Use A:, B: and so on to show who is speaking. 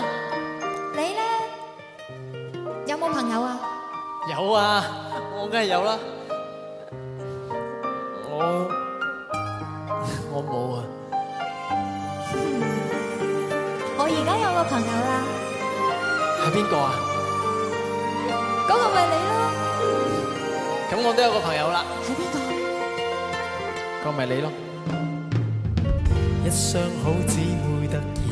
A: 你
B: 咧，有冇朋友啊？
A: 有啊，我梗係有啦。
B: 我我冇啊。我而家有個朋友啦。係邊個啊？嗰個咪你咯。咁我都有個朋友啦。係邊個？個咪你咯。一雙好
A: 姊妹得意。